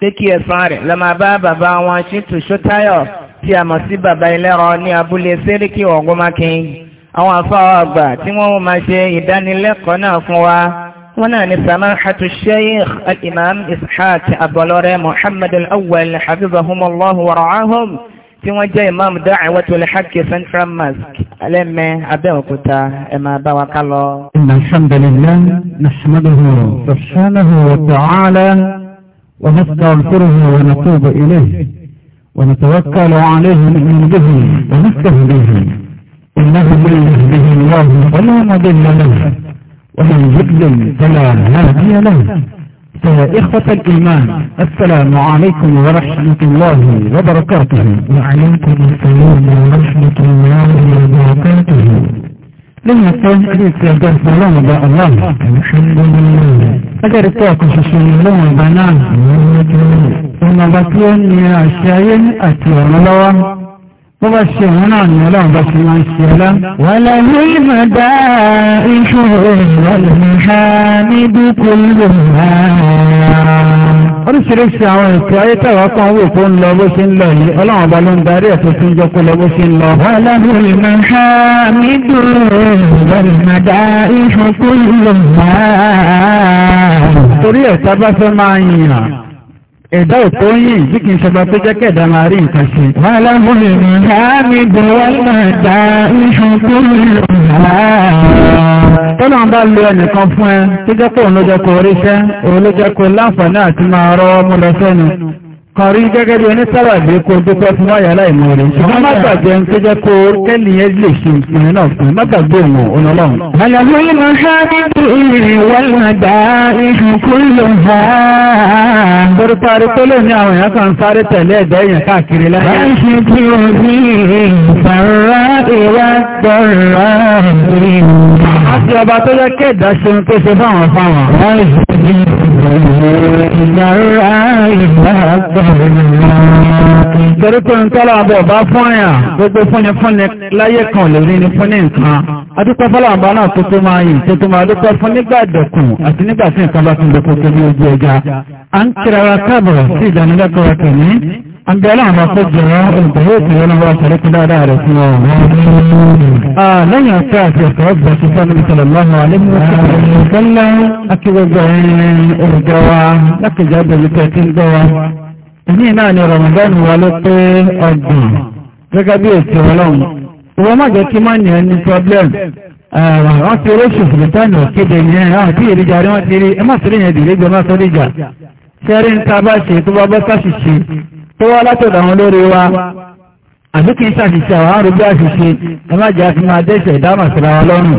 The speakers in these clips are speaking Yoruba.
pé kí ẹ̀sán rẹ̀ lọ máa bá bàbá wọn Ṣítù Ṣótáyọ̀ tí a mọ̀ sí bàbá ẹlẹ́rọ ní abúlé Séríkì Ọ̀gọ́mákin àwọn afáwọ̀ àgbà tí wọ́n máa ṣe ìdánilẹ́kọ̀ọ́ náà fún wa wọ́n náà ni samahatu sheikh al-imam ishaq abọlọ́rẹ́ Muhammad al-awwal hafizahumullahu wa ra'ahum tí wọ́n jẹ́ imam da'watul haqq central mosque alẹ́mẹ́ abẹ́òkúta ẹ máa bá wa ká inna alhamdulillah nahmaduhu subhanahu wa ta'ala ونستغفره ونتوب إليه ونتوكل عليه من به ونستهديه إنه من يهده الله فلا مضل له ومن يضلل فلا هادي له فيا إخوة الإيمان السلام عليكم ورحمة الله وبركاته وعليكم السلام ورحمة الله وبركاته lẹ́yìn tó ń kí ìfẹ́ ọjọ́ ìfẹ́ ọlọ́run ọba ọlọ́run ọjọ́ ìfẹ́ ọkàn ṣoṣo ní ọlọ́run ọba náà ọmọ ọba tí ó ní àṣẹ ayé àti ọ̀run lọ́wọ́ bó bá ṣe òun náà ní ọlọ́run bá ṣe ṣe ọlá. wà láyé ìmọ̀dá oríṣiríṣi àwọn ìpè ayé tẹ̀wá kan wò fún lọ bó ṣe ń lọ yìí ọlọ́run ọba ló ń darí ẹ̀fọ́ tó ń jọ kó lọ bó ṣe ń lọ. alábòrè máa ń ha mí dúró lórí màdá ìfọ̀kúrò máa. torí ẹ̀ sábà fẹ́ ẹ̀dá òkú yìí bí kìí ṣọba tó jẹ́ kẹ̀dá máa rí nǹkan ṣe. wọ́n lámúlẹ̀ mọ̀ láàmì bọ̀wọ́ máa dá ìṣòkú lọ tọ́lọ̀ ń bá lo ẹnìkan fún ẹ tó jẹ́ kó òun ló jẹ́ kó oríṣẹ́ òun ló jẹ́ kó láǹfààní àti máa rọ́ mú lọ sẹ́nu kọrí gẹ́gẹ́ bí ẹni sábà lè kó tó tọ́ fún wáyà láìmọ̀ rẹ̀ ṣùgbọ́n má gbàgbé ẹni tó jẹ́ kó kẹ́lì yẹn lè ṣe ìpinnu náà fún má gbàgbé òun ọlọ́run. àlàyé ló sáré tó ìrìn wàlàdà ìṣùkú ló wá. torí parí tó lè ní àti ọba tó jẹ́ kẹ́ẹ̀dá ṣe ń pèsè fáwọn fáwọn. wọ́n lè ṣe bí ìgbàrúra ìgbàgbọ́n. torí pé ń tọ́lá ọbẹ̀ ọba fún ẹ̀yà gbogbo fúnni fúnni láyé kan lè rí ni fúnni nǹkan. adúpẹ́ fọlọ́ọ̀bá náà tó tó máa yìn tó tó máa dúpẹ́ fún nígbà ìdẹ̀kùn àti nígbà tí nǹkan bá tún lè kókó ní ojú ẹja. à ń kẹrẹ̀ra Àbẹ̀lá àmà kó jẹ̀rọ olùgbẹ̀rẹ̀ ìpínlẹ̀ lọ́wọ́ àtàríkù dáadáa rẹ̀ fún ọ̀rọ̀. Lẹ́yìn ọ̀fẹ́ àti ọ̀fẹ́ ọgbà ti sọ́nà ìṣẹ̀lẹ̀ lọ́wọ́ alẹ́mọ̀ọ́sọ̀lá akíwọ̀gbọ̀ olùgbẹ̀ wa lákèjá bẹ̀rẹ̀ tẹ̀ tí ń gbọ́ wa. ní ẹni àti ìrìjà rí wọ́n ti rí, ẹ má sọ́rí yẹn sọ́rí ìjà. Ṣẹ́rí ń ta ṣe tó bá bọ́ sáṣìṣe tó wá látọ̀dọ̀ àwọn olórí wa àbí kìí ṣàṣìṣe àwọn arúgbó àṣìṣe ẹ má jẹ́ àti máa dẹ́ṣẹ̀ ìdámọ̀ síra wọn lọ́rùn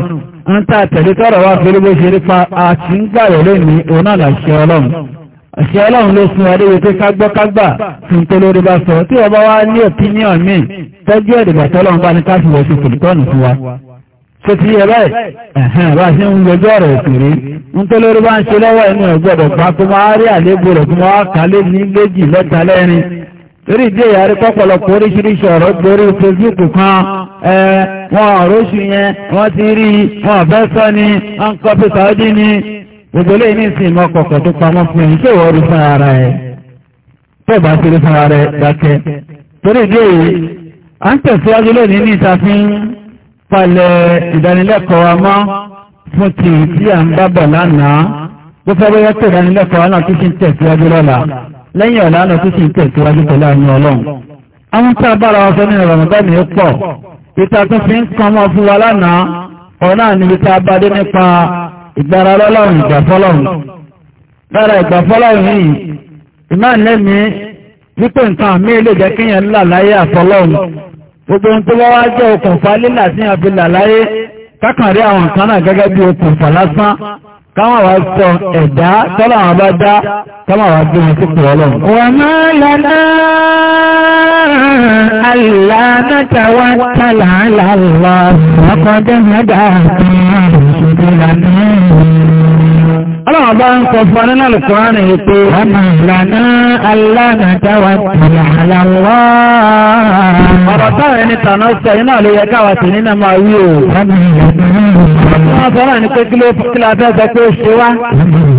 ń tà tẹ̀lé tọrọ wá fi orí bó ṣe rí pa àti ń gbà rẹ̀ lónìí òun náà làṣẹ ọlọ́run àṣẹ ọlọ́run tó ti yẹ báyìí ẹ̀hẹ́n bá ṣe ń gbẹjọ́ rẹ̀ kiri ń tó lórí bá ń ṣe lọ́wọ́ inú ẹ̀ gbọ́dọ̀ pa kó máa rí àlébù rẹ̀ kó máa kálé ní méjì lẹ́ta lẹ́rin torí ìdí èyà rí pọ́pọ̀lọpọ̀ oríṣiríṣi ọ̀rọ̀ gborí facebook kan ẹ wọn ọ̀rọ̀ṣù yẹn wọ́n ti rí wọn ọ̀fẹ́ sọ ni wọ́n kọ́ pé saudi ni gbogbo lè ní ìsìn mọ́ tó pamọ́ fún yìí ṣé wọ́n fún ara ẹ̀ tó bá ti rí fún ara ẹ̀ dákẹ́ torí ìdí èyí à ń tẹ̀síwájú lónìí ní ìtafín palẹ̀ ìdánilẹ́kọ̀ọ́ wa mọ́ fún ti tí à ń bábọ̀ lánàá tó fẹ́ bóyá tó ìdánilẹ́kọ̀ọ́ náà tó sì ń tẹ̀síwájú lọ́la lẹ́yìn ọ̀la náà tó sì ń tẹ̀síwájú pẹ̀lú àmì ọlọ́run àwọn tí a bára wa fẹ́ nínú ọ̀rọ̀ bẹ́ẹ̀ ni pọ̀ ìta tó fi ń kan mọ́ fún wa lánàá ọ̀nà níbi tá a bá dé nípa ìgbára lọ́lọ́run ìgbàfọ́lọ́run lára ìgbàfọ́lọ́run gbogbo ohun tó wá wá jẹ́ okùnfà lílà sí àbílà láyé kákànrí àwọn kan náà gẹ́gẹ́ bí okùnfà lásán káwọn wá sọ ẹ̀dá tọ́lá àwọn bá dá káwọn wá gbé wọn sípò ọlọ́run. wà máa lọ́nà aláàtà wá tààlà aláàlá ọkọ̀ dẹ́gbẹ̀dá àti àrùn ìṣòro lánàá Ọlọ́run bá ń sọ fún nínú Al-Qur'ani ọmọ ìlànà aláàgbàjáwà tìlà àlàwọ́. Ọ̀rọ̀ táwọn ẹni tàná sọ iná ló yẹ káwà sí nínú máa wí o. Ọmọ ìlànà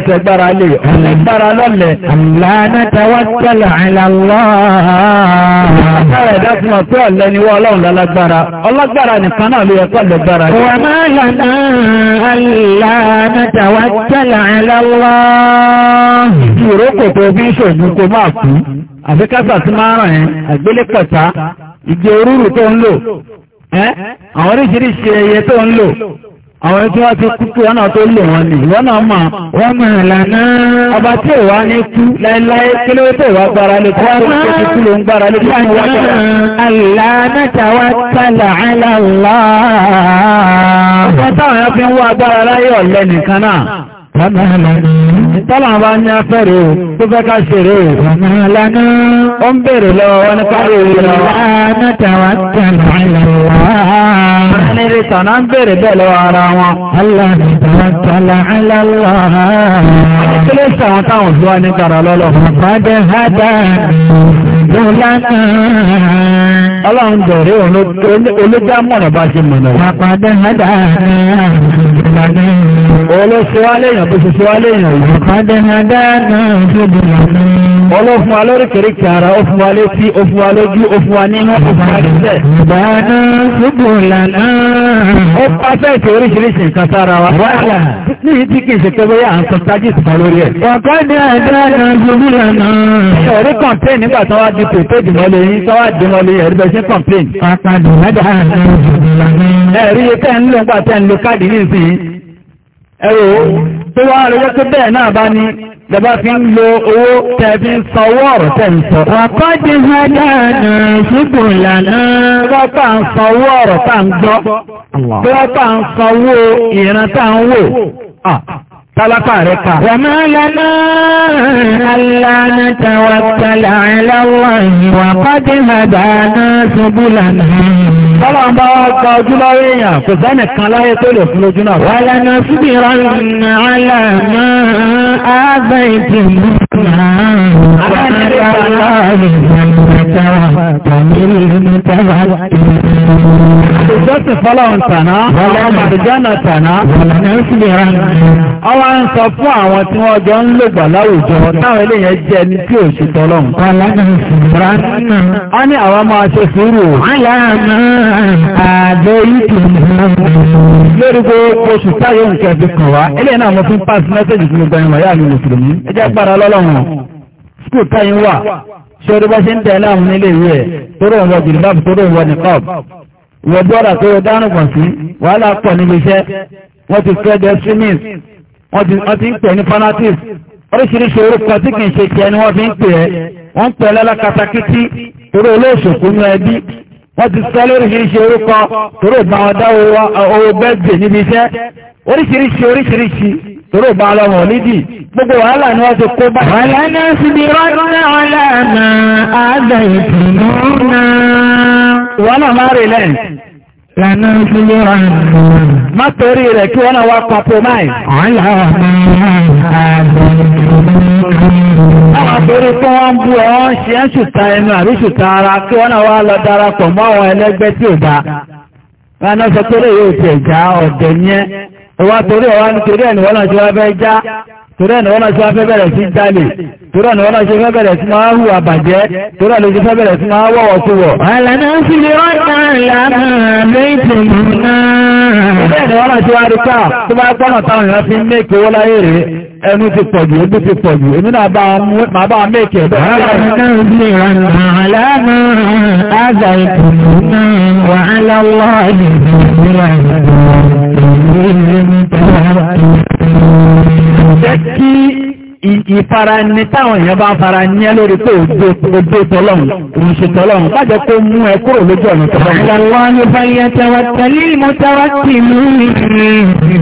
tẹgbára lè ọ̀lẹ́gbára lọ́lẹ̀. àlànàtà wá tẹ́lẹ̀ àìlàlọ́. àkàrà ẹ̀dá fún ọ pé ọ̀lẹ́ ni wọ́n ọlọ́run lálágbára ọlọ́gbára nìkan náà ló yẹ kó lẹ́gbára. wà má lànà àwọn tí wọ́n ti kú tó lè wọ́n ní wọ́n náà máa wọ́n mọ̀ ìlànà ọba tí ìwá ní kú láíláí kí ló tó ìwá gbára lè kú wọ́n tó ti ló ń gbára lè kú wọ́n wọ́n aláàmẹ́tàwà tààlà aláàlá ọjọ́ táwọn ẹ̀fín wọ́n agbára láyé ọ̀lẹ́ nìkan náà Tọ́lá bá ní afẹ́rẹ̀ tó fẹ́ ká ṣeré lánà ó ń bèèrè lọ wọn ní káàrí lọ. Látàwà tàbí àlọ́wà. Ní rí tàná ń bèèrè bẹ́ẹ̀ lọ ara wọn. Aláàbìtàwà tàbí àlọ́wà. Kí ló sàwọn táwọn Ọlọ́run dẹ̀rẹ́ olójá mọ̀nà bá ṣe mọ̀nà. Àpàdé hádà náà ìgbàdé. Olóṣèwáléèyàn bó ṣe ṣèwáléèyàn yìí. Àpàdé hádà náà ṣe bùnà ní. Ọlọ́fun wa lórí kèrékè ara, ó fún wa létí, ó fún wa lójú, ó fún wa nínú, ó fún wa nílẹ̀. Ìbáná ṣubú lànà. Ó pàṣẹ ìṣe oríṣiríṣi bẹ̀rẹ̀ sí complain. Pàpàdé ládà àárín ìjọba ní. Ẹ̀rí ikẹ́ ń lò ń pàtẹ́ ń lo káàdì ní ìsìn. Ẹ̀rọ tó wá rẹ̀ wọ́n tó bẹ́ẹ̀ náà bá ní lẹ́bá fi ń lo owó tẹ̀bí ń sọ owó ọ̀rọ̀ tẹ̀ ń sọ. Pàpàdé ládà àárín ìṣubú lànà. Bọ́lá tá à ń sọ owó ọ̀rọ̀ tá ń gbọ́. Bọ́lá tá à ń sọ owó ìran tá ń wò tálákà rẹ̀ ká. Wàmá lánà alánàta wà tàlà aláwọ̀ ìwà pàdé àdáná ṣubú lànà. Bọ́lá ń bá wá gba ojúlọ́wọ́ èèyàn kò sẹ́nì kan láyé tó lè fún ojú náà. Wà lánà síbi ìrọ̀lùmọ̀ alánà ábẹ́ ìtìmú náà. Àbẹ́rẹ́ aláàrẹ̀ ìrọ̀lùmọ̀ta wà tàbí ìrọ̀lùmọ̀ta wà tàbí. Ìjọ́sìn fọ́lọ́run tàná, ọlọ́run àdìjọ́ náà tàná, ọlọ́run síbi ìrọ̀lùmọ̀ wá ń sọ fún àwọn tí wọ́n jọ ń lògbà láwùjọ táwọn eléyẹn jẹ́ ẹni tí ò ṣe tọ́lọ́run. wọ́n ní àwọn máa ṣe sùúrù. aláàmà àgbẹ̀ ìtì lórí pé oṣù táyé nǹkan ti kàn wá eléyìí náà mo fi ń pàṣẹ mẹ́sẹ̀jì fún gbogbo ẹ̀yìn wáyà mi mùsùlùmí ẹ jẹ́ gbára lọ́lọ́run skul táyé wà ṣé orí bá ṣe ń tẹ̀ láàmú nílé ìwé ẹ̀ tó wọ́n ti ń pè ní fanatis oríṣiríṣi orúkọ tí kìí ṣe tiẹ̀ ni wọ́n fi ń pè ẹ́ wọ́n ń pè lẹ́lẹ́katakítí torí olóòṣòkú ní ẹbí wọ́n ti sọ lóríṣiríṣi orúkọ torí ìbá owó bẹ́ẹ̀dẹ̀ níbi Lànà ìfúnlé ọ̀rọ̀ Má torí rẹ̀ kí wọ́n náà wá compromise. Ọ̀là ọ̀nà àwọn torí tó wọ́n bú ọ̀hún ṣe ń ṣùta ẹnu àbí ṣùta ara kí wọ́n náà wá lọ darapọ̀ mọ́ àwọn ẹlẹ́gbẹ́ tí ò dá. Lànà sọ pé yóò ti ẹ̀já ọ̀dẹ̀ yẹn. Ìwà torí ọ̀wá nítorí ẹ̀ torí ẹ̀nà wọ́n ṣe fẹ́ bẹ̀rẹ̀ sí jálè torí ẹ̀nà wọ́n ṣe fẹ́ bẹ̀rẹ̀ sí máa hù àbàjẹ́ torí ẹ̀nà ṣe fẹ́ bẹ̀rẹ̀ sí máa wọ̀wọ̀ sí wọ̀. àlànà sí lè rọ́ta ìlànà méjì náà. torí ẹ̀nà wọ́n ṣe wá rí ká ah, tó bá gbọ́nà táwọn èèyàn fi ń méèkì owó láyé rèé ẹnu ti pọ̀jù ebi ti pọ̀jù èmi náà bá máa bá méèkì ẹ̀ bẹ́ẹ̀. àlànà sí lè rọ́ta ìlànà àgbà ìkùnú náà wàhálà wọ́ọ̀ jẹ́ kí ìfarani táwọn èèyàn bá ń fara ní ẹ lórí pé òjò tọlọ́run òun ṣe tọlọ́run bájẹ́ kó mú ẹ kúrò lójú ọ̀nà tọlọ́run. àwọn olùfẹ̀yẹ tẹwàtẹ̀lì mọ́tàwátì mú mi.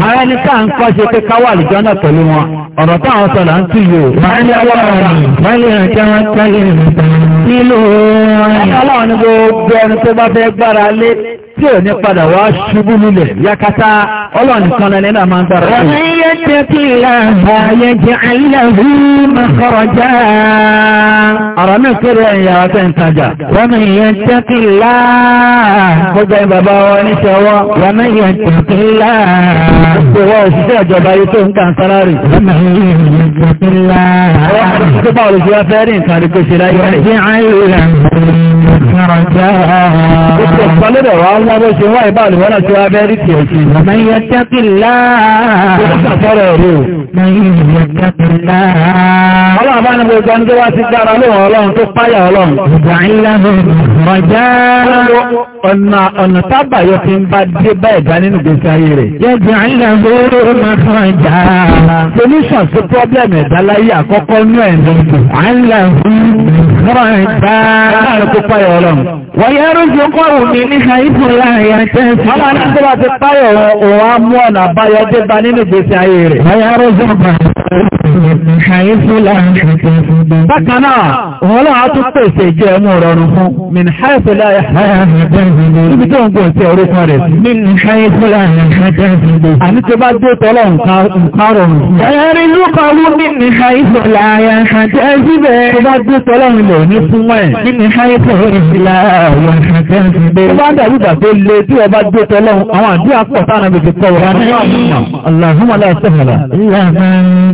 ara ẹni tá à ń kọ́ ṣe pé ká wà lùjọ́ náà pẹ̀lú wọn ọ̀rọ̀ táwọn sọ̀rọ̀ à ń tù yìí o. báyìí tẹwàtẹ̀lì mọ́tàwátì mú mi. nílò ọ̀rọ̀ ọlọ́run ni gbogbo ẹni tó bá fẹ́ gbára lé tí ò ní padà wá ṣubú lulẹ̀ yakata ọlọ́nìkan lẹ́ni náà ń gbára rẹ̀. wọ́n yẹ jẹ́ kí ìlànà ayé jẹ́ àìlàrí mọ́kọ̀rọ̀já. ọ̀rọ̀ náà kéré ẹ̀yà ọ̀tẹ̀ ń tajà. wọ́n yẹ jẹ́ kí ìlà. ó jẹ́ bàbá wọn níṣẹ́ wọ́n yẹ jẹ́ kí ìlà. ó wọ òṣìṣẹ́ ìjọba yìí tó ń kàn sára rè. wọ́n yẹ jẹ́ kí ìlà. wọ́n ọlọ́mọ bó ṣe wá ìbá olùwọ́nà tí wá bẹ́ẹ̀ rí tí ẹ̀ sí. Màmá yẹ tẹ́kìlá. Ọlọ́run bá ní gbogbo ọdún tó wá sí dára lóhùn ọlọ́run tó páyà ọlọ́run. Ìgbà ńlá ọjà. Ọ̀nà ọ̀nà tábàyọ ti ń bá dé bá ẹ̀dá nínú gbèsè ayé rẹ̀. Yẹ́gbẹ̀ ńlá ọjà. Solution sí problem ẹ̀dá láyé àkọ́kọ́ nú ẹ̀ lọ́dún. Ńlá ọjà. Láàárín kó páyà ọlọ́run. Wọ́n yẹ láyé tẹ́sí. Ọmọ náà tó bá ti páyọ̀ òun á mú ọ̀nà àbáyọ dé bá nínú ìgbésí ayé rẹ̀. Ọyá rọ́ṣọ̀ bàbá. Bákan náà, òun náà tún pèsè jẹ́ ẹmú rọrùn fún, min haifula ya ibi tó ń gbò sí orí kan rẹ̀ sí. Min haifula ya Àní tó bá dé tọ́lọ̀ nǹkan rọrùn fún. Ẹ̀rí lúkọ rú min haifula ya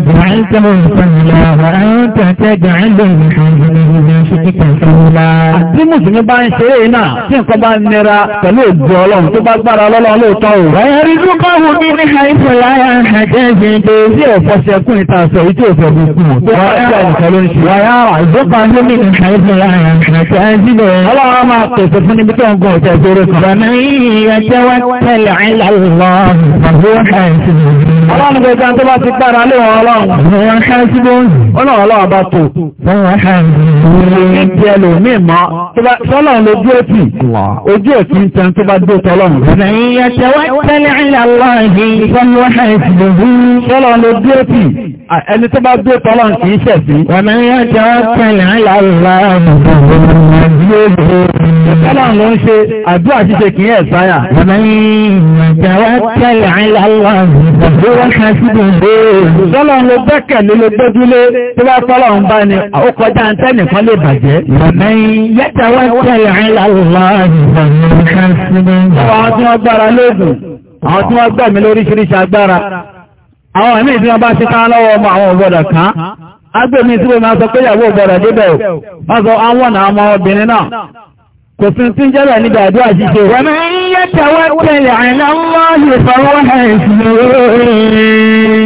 جعلته سهلا وأنت تجعل الحزن شئت سهلا Tí Mùsùlùmí bá ń ṣeré náà tí nǹkan bá nira pẹ̀lú ògbò ọlọ́run tó bá gbára ọlọ́run lóòótọ́ ò. Ẹ̀rí tó bá wù mí ní àìsàn láyà àjẹ́ ìgbìndé sí ọ̀fọ́sẹ̀kùn ìta sọ ìtí òfògùnkùn tó bá ṣe àìsàn ló ń ṣe. Wàyà àìsọ́pàá ní mi ní àìsàn láyà àjẹ́ ìgbìndé. Ọlọ́run máa pèsè fún níbi tó ń gùn ọ̀tẹ̀ ìgboro kan. Bàmí ìyàjẹ́wọ́ tẹ̀lé àìlà lọ́ọ̀ Ọlọ́run ṣáṣíbọ́n ọlọ́run ọlọ́run bá tó. Ìdí ẹlò ní ìmọ̀ sọ́lọ́run lójú ètì, ojú ètì ń tẹn tó bá dé tọ́lọ́run. Sọ́lọ́run lójú ètì, ẹni tó bá dé tọ́lọ́run kì í ṣẹ̀sí. Sọ́lọ́run ló ń ṣe àdúrà ṣíṣe kì í ẹ̀ sáyà. Sọ́lọ́run ló gbẹ́kẹ̀lé ló gbẹ́dúlé tó bá fọ́lọ̀ ń bá ní àwọ́kọjá tẹ́nìkan lè bàjẹ́. Ìrọ̀mẹ́yìn yẹ́ta wá wọ́n wọ́n àwọn Wọ́n tẹ́lẹ̀ àìlàmọ́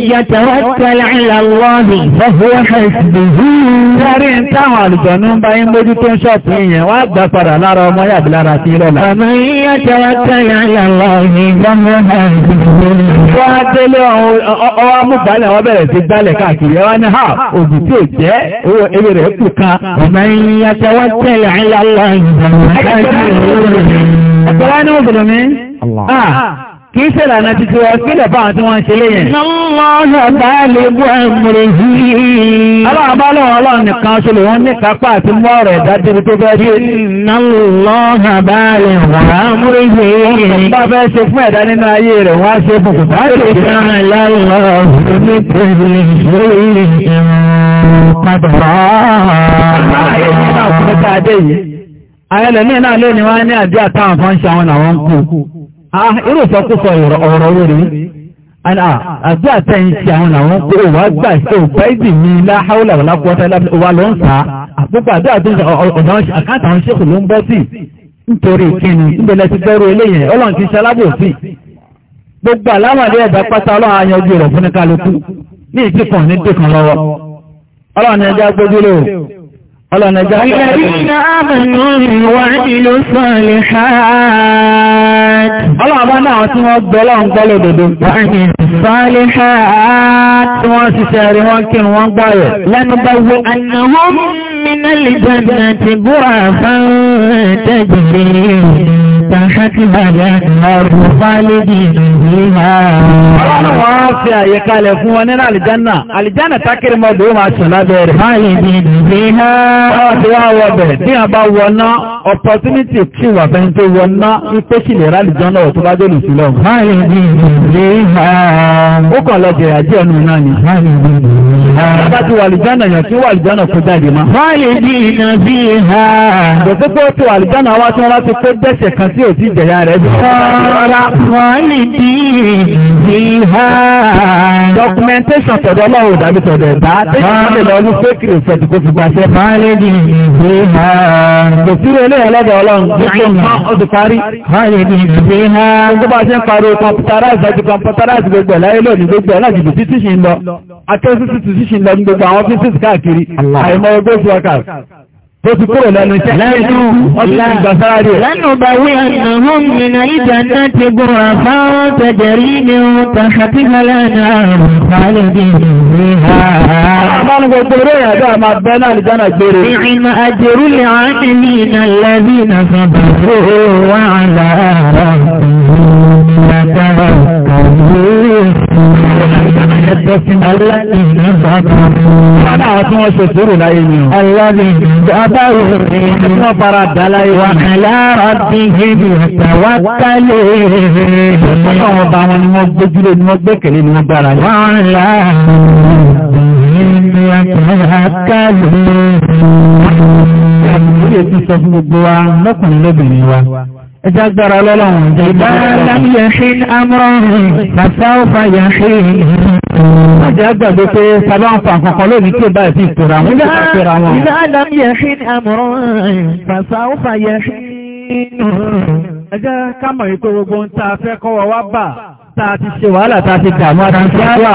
يتوكل على الله فهو حسبه ترين تعال جنوبا يمجد تشطيه وابدفر على رمو يبلى رسيل الله فمن يتوكل على الله فهو حسبه وقال او مبالا وبرس ذلك اكي يوانها وبتوك هو ابرهبك ومن يتوكل على الله فهو حسبه اكلا نوبر من الله kìí ṣe ìlànà títí wọ́n sílẹ̀ fáwọn tí wọ́n ń ṣe léyìn. lọ́lọ́rọ̀ bá lè bú ẹ̀mùrẹ̀ yìí. aláàbálọ̀ ọlọ́run nìkan ṣe lè wọ́n ní kápá àti mú ọ̀rọ̀ ẹ̀dá débi tó fẹ́ dé. lọ́lọ́rọ̀ bá lè fún rẹ̀ náà lónìí wọ́n ní àdúrà táwọn kan ṣe àwọn làwọn kú Ah, irú ìfọkúsọ ọ̀rọ̀ owó rí a àtẹ̀yìn tí àwọn àwọn pé òwà gbà ṣe ògbà ìdì mi láháúlà lápọ́tà òwà ló ń ta àpópọ̀ àjọ àti ọ̀dọ́ àkáǹtà àwọn ṣèkù ló ń bọ́ sí nítorí kíni ìbẹ̀lẹ̀ ti gbẹ́rù ọlọ́run ti gbogbo pátá ọlọ́run ayanjú rẹ̀ kálukú ní ní lọ́wọ́ ọlọ́run الذين آمنوا وعملوا الصالحات الله أبانا عطنا الظلام قالوا ددو وعملوا الصالحات واسساري وكن وانبايا لنبوئنهم من الجنة غرفا تجري تحت بها النار خالدين فيها Ọlọ́run wọ́n á fi àyè kalẹ̀ fún wọn nínú àlìjánà. Àlìjánà tákìrì mọ́ bèé máa ṣùn lábẹ́ rẹ̀. Khálidin fiha. Ọlọ́run ti wá wọbẹ̀ bí a bá wọná opportunity tí wà fẹ́ tó wọná ipé sì lè rálìjánà ọ̀tún bá dé lùsí lọ. Khálidin fiha. Ó kàn lọ jẹ̀yà jẹ́ ẹnu náà ni. Khálidin fiha. Bàbá ti wà àlìjánà yàn kí wà àlìjánà kó jáde má. Khálidin fiha. Kò sí pé ó ti wà àlìjánà wá tí wọ́n bá ti kó dẹ́sẹ̀ kan tí ò tí jẹ̀yà rẹ̀ bí. Sọ́ra wọ́nì bí ìdí ha. Documentation tọ̀dọ̀ ọlọ́run ìdàbí tọ̀dọ̀ ẹ̀dá. Tẹ́sán lè lọ ní fẹ́kì rìfẹ̀tì kó fi gbàṣẹ́. Báyìí di ìdí ha. Kò sí ilé ilé ẹlẹ́dẹ̀ ọlọ́run tó tó mọ́ ó ti parí. Báyìí di ìdí ha. Gbogbo bá ṣe ń pariwo computerize àti computerize gbogbo ẹ̀ láyé lónìí gbogbo ẹ̀ láti bìtítì ṣì ń lọ. Akẹ́sìtì ti ṣì ń lọ ní gbogbo àwọn fíṣíìsì káàkiri. Àìmọ̀ ogójì wákàtí bó ti kúrò lẹ́nu iṣẹ́ lẹ́nu ọdún ìgbàsára rẹ̀. lẹ́nu bá wí ànàhún ìjà náà ti gbọ́n àfáwọn tẹ̀jẹ̀rí ni ó ta àti mẹ́lẹ́nà àrùn fàálẹ́dì ìrìn ha. àmọ́nu Fọ́nà àtún wọ́n ṣe sùúrù láyé ni ọ̀. Ọlọ́rin ìjábáwò rẹ̀ ni wọ́n fara dáláyé wa. Àlára bí hìbì àtàwà kálẹ̀. Ọ̀pọ̀lọpọ̀ àwọn ọba wọn ni wọ́n gbójúlé ni wọ́n gbẹ́kẹ̀lé ni wọ́n gbára. Wọ́n láàrín ìrìn àtàwà kálẹ̀. Wọ́n ti sọ fún gbogbo wa lọ́kùnrin lóbìnrin wa ẹjá gbára lọ́lọ́run jẹ́ ìgbà lámìyànṣín amúrọ̀rùn làṣáòfà yànṣín ọjọ́ gbàgbé pé sábáǹfà kankan lónìí tí ó bá ìfì ìtura wọn tó pàpẹ́ra wọn ìgbà lámìyànṣín amúrọ̀rùn làṣáòfà yànṣín ẹjá kámọ̀ ìpé gbogbo ń ta fẹ́ kọ́wọ́ wá bà tá ti ṣe wàhálà tá ti dààmú àti ìṣẹ́ wà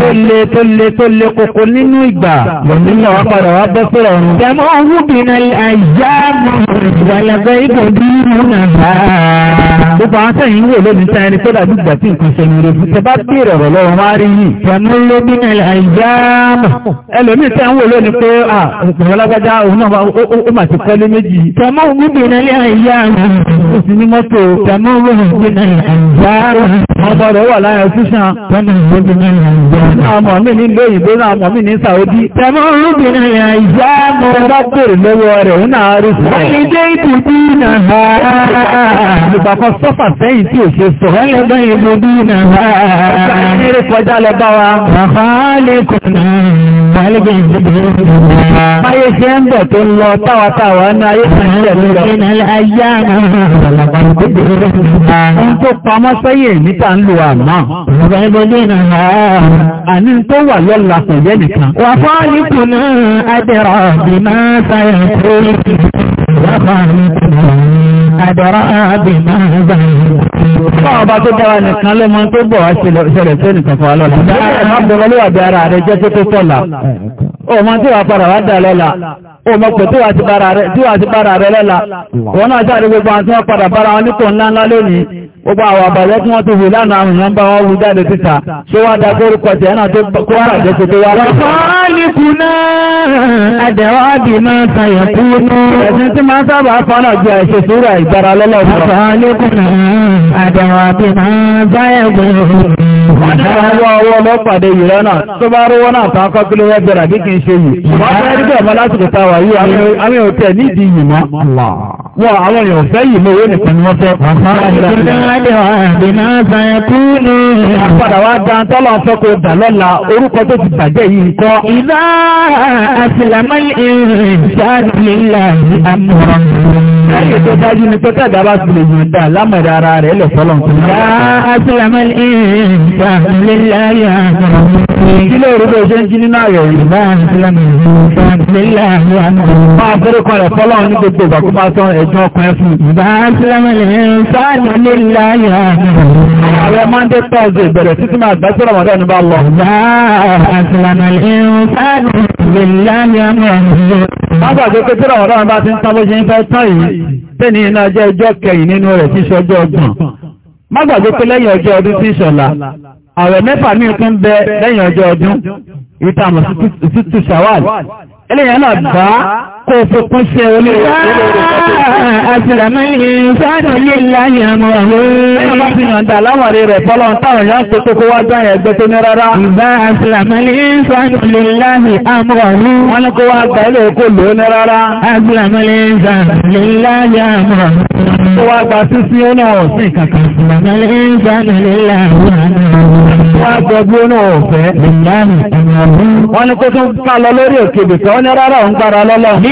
tó le tó le tó le kòkó nínú ìgbà lòmínà wá padà wá bọ́ sílẹ̀ ọ̀run. tẹ̀mọ́ ọ̀húnbìnà àyà ìgbàlagbà ìbò bí múnà bá. gbogbo àwọn sẹ́yìn wò lónìí tá ẹni tó dàbí ìgbà tí nǹkan ṣe nìyẹn fún tẹ bá bèèrè ọ̀rọ̀ lọ́wọ́ wá rí yìí. tẹ̀mọ́ ọ̀húnbìnà àyà ẹlòmíì tẹ́ ń wò lónìí pé ìgbàlagbàjá òun àmọ̀ mí ní ilé òyìnbó náà àmọ̀ mí ní Saudi. Tẹ̀mọ́ olúbìnrin yẹn ìyá mọ́ bá bèrè lọ́wọ́ rẹ̀ òun náà rí sọ. Ẹnìdé ìdìbí náà. Ìgbà kan sọ́fà sẹ́yìn tí ò ṣe sọ. Ẹlẹ́gbẹ́ ìbòbí náà. Ìrè kọjá lọ bá wa. Bàbá lè kùnà ẹlẹ́gbẹ́ ìbòbí náà. Báyé ṣe ń bọ̀ tó ń lọ táwa pamọ́ sẹ́yìn níta ń lo àná. Bàbá ìbòbí náà àní tó wà lọ́la pẹ̀lẹ́ nìkan. wà fọ́ọ̀lì kùnà àdẹ̀rọ̀ bí máa sáyà tó lè fi wà fọ́ọ̀lì kùnà àdẹ̀rọ̀ bí máa sáyà Báwọn bá tó dára nìkan ló mọ́ tó bọ̀ wá ṣẹlẹ̀ tó nìkan fún wa lọ́la. Bẹ́ẹ̀ máa bọ̀rọ̀ ló wà bí ara rẹ̀ pẹ̀ tí wàá ti bára rẹ̀ lọ́la. Wọ́n náà jáde gbogbo àwọn wọ́n padà bára wọn nípò ńláńlá lónìí gbogbo àwọn àbàjẹ́ tí wọ́n ti wù lánàá àrùn náà bá wọ́n wù jáde títà ṣé wá da kórúkọ jẹ́ náà tó kó àjẹ́ tó tó wá lọ́wọ́. wọ́n ní kùnà àdẹ̀wádìí máa tayọ̀ kú nú. ẹ̀sìn tí máa sábà fọ́nà jẹ́ Àwọn ọwọ́ ọlọ́pàdé yìí lọ́nà tó bá rówọ́ náà tán kọ́ kí ló wẹ́ bẹ̀rẹ̀ bí kí n ṣe yìí. Wọ́n fẹ́ rí bẹ̀rẹ̀ táwà yìí, àwọn èèyàn tẹ̀ nídìí yìí Wọ́n àwọn èèyàn yìí lówó nìkan ni wọ́n fẹ́. Alhamdulilayi Agbọ̀nrún. Ilé orúkọ ṣe ń jí nínú ayọ̀ yìí. Báyọ̀ Sílẹ̀mù ìlú Alhamdulilayi Agbọ̀nrún. Máa fẹ́rẹ̀ kọ́ rẹ̀ fọ́lọ́ ní gbogbo ìgbà kó máa tán ẹ̀dùn ọkùnrin fún. Báyọ̀ Sílẹ̀mù ìlú Alhamdulilayi Agbọ̀nrún. Ààrẹ Mọ́ndé Tọ́sí ìbẹ̀rẹ̀ títí máa gbá Má gbàgbé pé lẹ́yìn ọjọ́ ọdún tí ìṣọ̀lá, ààrẹ mẹ́fà ní ìpín bẹ lẹ́yìn ọjọ́ ọdún, ìtàmọ̀ sí Tùṣàwàl. Eléyìn náà bá kó fòpin sí olè Àṣìràmí ìsáàdì ilé láyé àmọ́ àwọn ẹ̀rọ bá fi yàndà láwàrí rẹ̀ fọ́lọ̀ táwọn yá tó kókó wá dá ẹgbẹ́ tó ní rárá. Ìbá àṣìràmí ìsáàdì ilé láyé àmọ́ àwọn wọn kó wá gbà ilé kó lò ní rárá. Àṣìràmí ìsáàdì ilé láyé àmọ́ àwọn tó wá gbà sí sí ó náà sí kàkà. Àṣìràmí ìsáàdì ilé láyé àmọ́ àwọn wá gbọ́gbó náà ọ̀fẹ́. Wọ́n ní kó tún ká lọ lórí òkè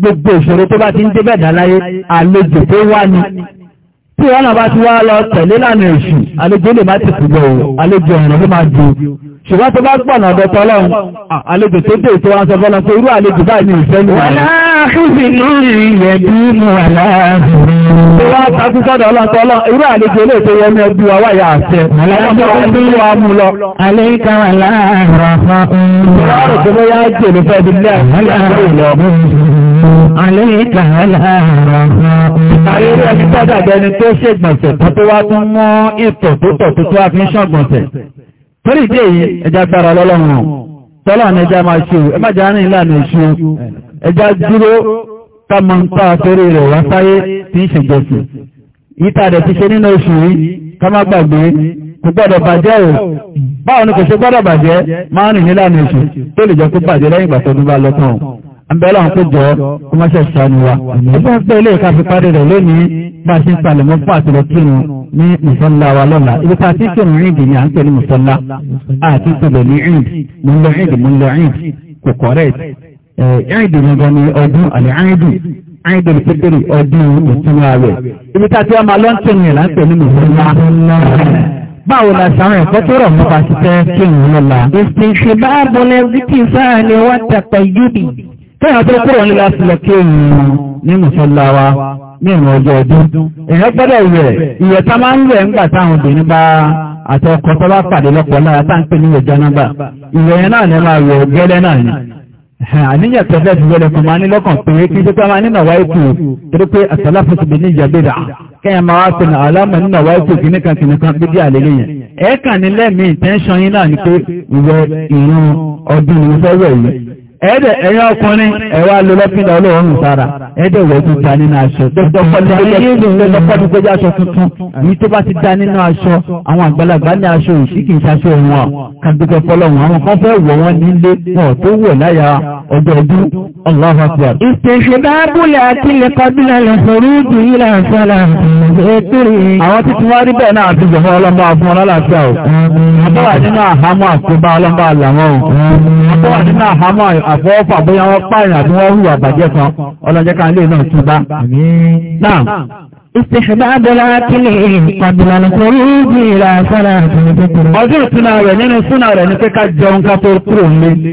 gbogbo ìṣòro tó bá ti ń débẹ̀ dáláyé àlejò tó wá ní tí wọ́n náà bá ti wá lọ tẹ̀lé lánàá èṣù àlejò lè má ti kùgbọ̀ o àlejò ọ̀ràn ló máa ju ṣùgbọ́n tó bá gbọ̀nà ọ̀dọ̀ tọ́lọ́run àlejò tó dé ìtọ́ wọn sọ fọ́lọ́ pé irú àlejò báyìí ìfẹ́ ní wọn. Àléékà aláàrọ̀. Àrírí ẹni tọ́jà jẹni tó ṣègbọ̀nsẹ̀ kan tó wá tún mọ́ ìtọ̀ tó tọ̀ tó tó àfi ń ṣọ̀gbọ̀nsẹ̀. Torí ìdí èyí, ẹja gbára lọ́lọ́run. Tọ́lá ni ẹja máa ṣe, ẹ má jẹ́ àárín ìlànà ìṣú. Ẹja dúró ká mọ ń pa àtórí rẹ̀ wá sáyé tí ń ṣègbọ̀nsẹ̀. Ìta rẹ̀ àbẹ́lá ń péjọ ọmọṣẹ́ ìṣàánú wa ẹgbẹ́ ń pẹ́ ilé ìka fi parí rẹ̀ lónìí bá a ṣe ń palẹ̀ mọ́ fún àtìlọ kírun ní mùsọ́lá wa lọ́la ibi tá kírun rìndì ni à ń pè ní mùsọ́lá àti ìpìlẹ̀ ní rìndì mo ń lọ rìndì kò correct rìndì gangan ni ọdún àlẹ́ rìndì rìndì pípérì ọdún ìtúnú báwo la sàwọn ẹ̀kọ́ tó rọ̀ nípa ti fẹ́ kírun lọ́la. ìsìn ṣe báàbò lẹ́sìkì sáà ni wọ́n tẹ̀pẹ̀ yúbi. Kẹ́yàn tó kúrò ní láti lọ kí èèyàn ní Mùsọ́lá wa ní ìrìn ọjọ́ ọdún. Èèyàn gbọ́dọ̀ rẹ̀, ìyẹ̀ tá máa ń rẹ̀ ń gbà táwọn obìnrin bá àti ọkọ̀ tó bá pàdé lọ́pọ̀ lára tá ń pè ní ìjọ náà gbà. Ìyẹn náà ni máa rẹ̀ gẹ́lẹ́ náà ni. Àníyàn tó fẹ́ fi wọlé fún máa ní lọ́kàn pé kí tó máa nínà wáyé kù torí pé àtàlá fún ti ní ìjàgbéra. Kẹ́yàn máa wá ni pé ìwẹ̀ ìrún ọdún ìfẹ́wẹ̀ yìí ẹ̀ẹ́dẹ̀ ẹ̀yìn ọkùnrin ẹ̀wà ló lọ́pìnlẹ̀ olóòrùn sára ẹ̀ẹ́dẹ̀ wẹ̀ tún ta nínú aṣọ dọ́pọ̀dúgbẹ́jọ́ aṣọ tuntun ní tó bá ti dá nínú aṣọ àwọn àgbàlagbà ní aṣọ òṣì kìí ṣaṣọ wọn kàdúgbẹ́ fọlọ́run àwọn kan fẹ́ wọ̀ wọ́n nílé pọ̀ tó wọ̀ láyà ọjọ́ ọdún Allahu Akbar. ìṣèṣẹ́bábùlẹ̀ àti ilẹ̀kọ́bílẹ̀ lọ́sọ̀rọ̀ ojú ilẹ̀ àṣọlá ètòrè. àwọn títí wá rí bẹ́ẹ̀ náà àti ìjọba ọlọ́mọ àfún ọlọ́làṣà ò. àbọ̀wà nínú àhámọ́ àkóbá ọlọ́mọ àlàmọ́ ò. àbọ̀wà nínú àfọ́fà bóyá wọ́n pààyàn àti wọ́n hùwà bàjẹ́ kan ọlọ́jẹ́ kan lè náà túbá. náà استحباب العاكل قبل الخروج إلى صلاة الفطر. ọdún ìtúná rẹ̀ nínú súnà rẹ̀ ní pé ká jẹun ká tó kúrò nílé.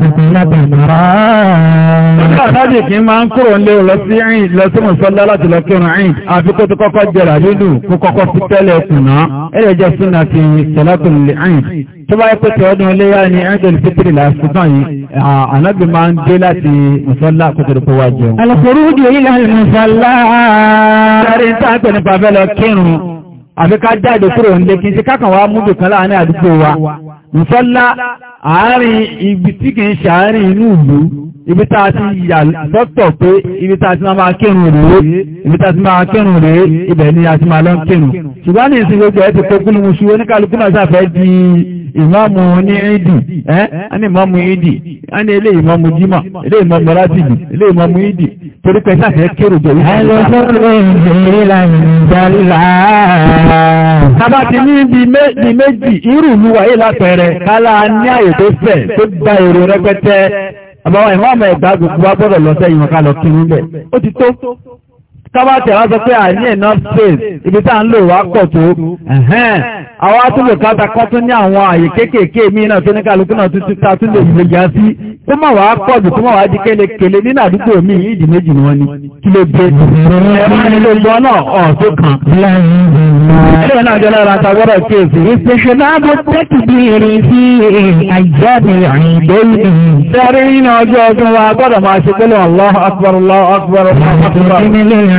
àtàtà lábàmọ́ra. Nígbà náàbì kí máa ń kúrò ń lé lọ sí rìn lọ sí mùsọ́lá láti lọ kírun rìn àfi kó tó kọ́kọ́ jẹrà nínú kó kọ́kọ́ fi tẹ́lẹ̀ kùnà ẹ̀rẹ̀ jẹ́ súnà fi sọ̀látùn lè Tó bá yẹ pé ọdún ilé ni ẹ̀ńdẹ̀lì fítìrì làásùgbọ́n yìí, ànábì máa ń dé láti mùsọ́lá kó tó kọ́ wá jẹun àfi ká jáde kúrò ń lé kí n ṣe kákan wá múdù kan láàrin àdúgbò wa mùsọ́lá àárín ibi tí kìí ṣe àárín inú ìlú ibi tá a ti yà lọ́tọ̀ pé ibi tá a ti máa kírun rèé ibi tá ti máa kírun rèé ibẹ̀ ni a ti máa lọ kírun ṣùgbọ́n ní ìsìn gbogbo ẹ ti kó kúlùmùsù oníkálukú náà ṣàfẹ́ di ìmáàmù ní ìdì ẹ́ ẹni ìmáàmù ìdì ẹni ilé ìmáàmù jímà ilé ìmáàmù rátìbì ilé ìmáàmù ìdì torí pẹ́ sáfẹ́ kérò jọ yìí. ẹlẹ́sọ̀rọ̀ ìrìnlá ìjọlá. sábà ti ní ibi méjì irú ìlúwa yìí látọ̀ẹ̀rẹ̀ kálá ní àyè tó fẹ̀ tó gba èrò rẹpẹtẹ àbáwọn ìmáàmù ẹ̀gbá gbogbo wa gbọ́dọ̀ lọ sẹ́yìn wọn ká tọ́bá tẹ̀ wá sọ pé à ní enough space ibi tá ń lò wá pọ̀ tó àwọn atúlò káta kọ́ ní àwọn àyè kéékèèké míì náà tó ní kálukú náà tún ta tún lè lè yá sí kó má wàá pọ̀ jù kó má wàá di kélekèle nínú àdúgbò mi ìdí méjì ni wọ́n ní kí ló dé ẹ̀rọ nílò gbọ́ náà ọ̀ tó kàn. ilé náà jẹ́ lára ta gbọ́dọ̀ kíyèsí. ìpèsè náà bó tẹ́kì bí irin sí àjáde àyìnbó yìí. sẹ́rí nínú ọjọ́ ọdún wa gbọ́dọ̀ máa ṣe pẹ́lú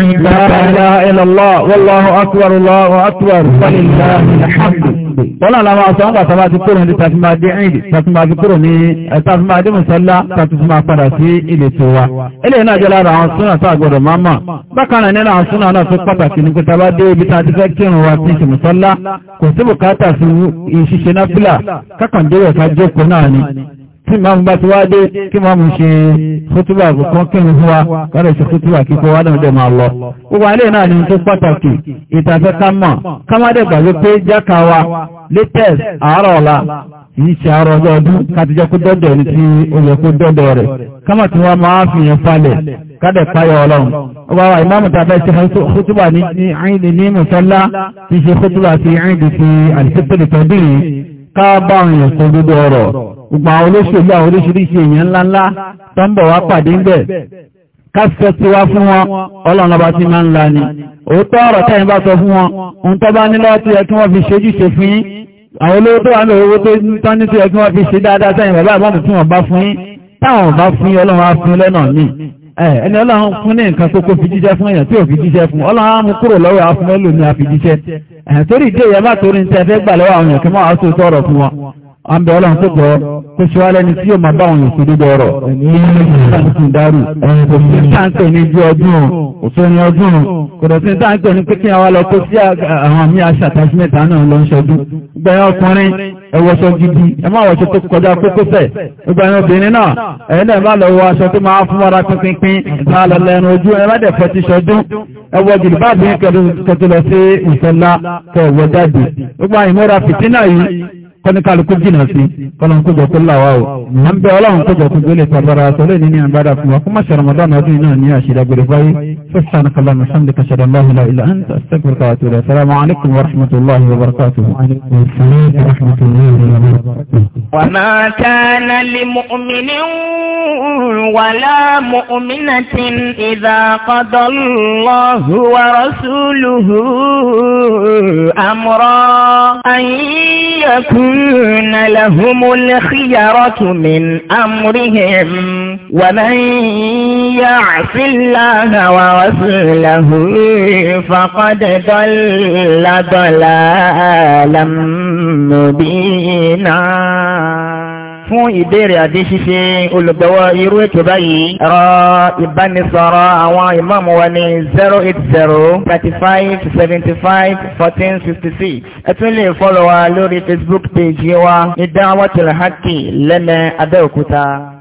لا إله إلا الله والله أكبر الله أكبر فلله الحمد wọ́n lára máa sọ ọ́gbà tàbí kúrò ní tàbímá dé ẹ̀yìn tàbímá fi kúrò ní tàbímá dé mùsọ́lá tàbímá padà sí ilé tó wa ilé náà jẹ́ lára àwọn súnà tó àgbọ̀dọ̀ máa mọ̀ bákan náà nínú àwọn súnà náà tó pàtàkì ní pé tàbá dé ibi tàbí fẹ́ kírun wa sí ṣe mùsọ́lá kò sí bùkátà sí ìṣiṣẹ́ náà fílà kákàndé rẹ̀ ká jókòó náà ni tí máa ń bá ti wá dé kí máa mú ṣe fútúbà kan kí ní fúwa kọ́rẹ̀ ṣe fútúbà kíkọ́ wá náà dẹ̀ máa lọ. Gbogbo alẹ́ náà ni tó pàtàkì ìtàfẹ́ ká mọ̀ ká má dẹ̀ gbàgbé pé jáka wa latest àárọ̀ ọ̀la yìí ṣe àárọ̀ ọjọ́ ọdún káti jẹ́ kó dọ́dọ̀ ní tí ó yẹ kó dọ́dọ̀ rẹ̀ ká má ti wá máa fi yẹn falẹ̀ kádẹ̀ páyọ̀ ọlọ́run. Ó bá wa ìmáàmù káàbà òyìn fún gbogbo ọ̀rọ̀ gbogbo àwọn olóṣèlú àwọn oríṣiríṣi èèyàn ńláńlá tó ń bọ̀ wá pàdé ń bẹ̀ kásìkẹ́ tí wá fún wọn ọlọ́run ọba tí máa ń la ni òótọ́ ọ̀rọ̀ táyìn bá sọ fún wọn ohun tó bá nílọ́ tí ẹ kí wọ́n fi ṣojúṣe fún yín àwọn olówó tó wà ní owó tó tán ní tí ẹ kí wọ́n fi ṣe ẹni ọlọ́run fún ní nǹkan kókó fi jíṣẹ́ fún èèyàn tí ò fi jíṣẹ́ fún ọlọ́run á mú kúrò lọ́wọ́ afúnmẹ́lò ní àfijíṣẹ́ torí ìdí èyàn bá torí ń tẹ́ fẹ́ gbà lọ́wọ́ àwọn èèyàn kí wọ́n á tó sọ̀rọ̀ fún wọn àmì ọlọ́run tó gbọ́ tó ṣe wá lẹ́ni tí yóò máa bá òun ìsìn dídọ̀ ọ̀rọ̀ ní ìsìn dárù òṣìṣẹ́ táǹkẹ̀ ní ju ọdún òṣèrìn ọdún kòdọ̀ sí táǹkẹ̀ ní pé kí àwa lọ kó sí àwọn àmì àṣà tàṣímẹ́ta náà lọ ń ṣọdún gbẹ̀yìn ọkùnrin ẹwọ́ṣọ gidi ẹ má wọ̀ṣọ tó kọjá kókósẹ̀ gbẹ̀yìn obìnrin náà ẹ̀yìn náà má lọ wọ aṣọ tó máa ẹwọ́ gidi bí kẹtù sí ìṣẹ́lá kẹwọ́ jáde gbogbo àìmọ́ra fìtínà yìí kọ́níkàlùkù jìnà sí kọ́lọ̀kùjọ kó láwá o ma ń bẹ ọlọ́run kójọ kó gbélé tàbára sọlé ní ní àgbádà fún wa kó má ṣàrọmọdọ́nà ọdún iná ní àṣìdá gbèrè báyé fẹ́sàn kọlọ̀ mọ̀sánlẹ̀ kàṣàdà lọ́hùlá ilẹ̀ ń tàṣẹ́gbẹ̀rẹ̀ kàwàtò rẹ̀ sàrámù alaikum wa rahmatullahi wa barakatuhu. wa ma kana li mu'minin wala mu'minatin idha qada Allahu wa rasuluhu amra an yakun إن لهم الخيرة من أمرهم ومن يعص الله ورسوله فقد ضل ضلالا مبينا fún ìbéèrè àti ṣíṣe olùgbọ́wọ́ irú ètò báyìí ẹ̀rọ ìbánisọ̀rọ̀ àwọn ìmáàmù wa ní 080 ẹ tún lè fọ́lọ̀ wa lórí Facebook page wa ní dáwọ́tìlẹ̀ hákì lẹ́mẹ̀ Abẹ́òkúta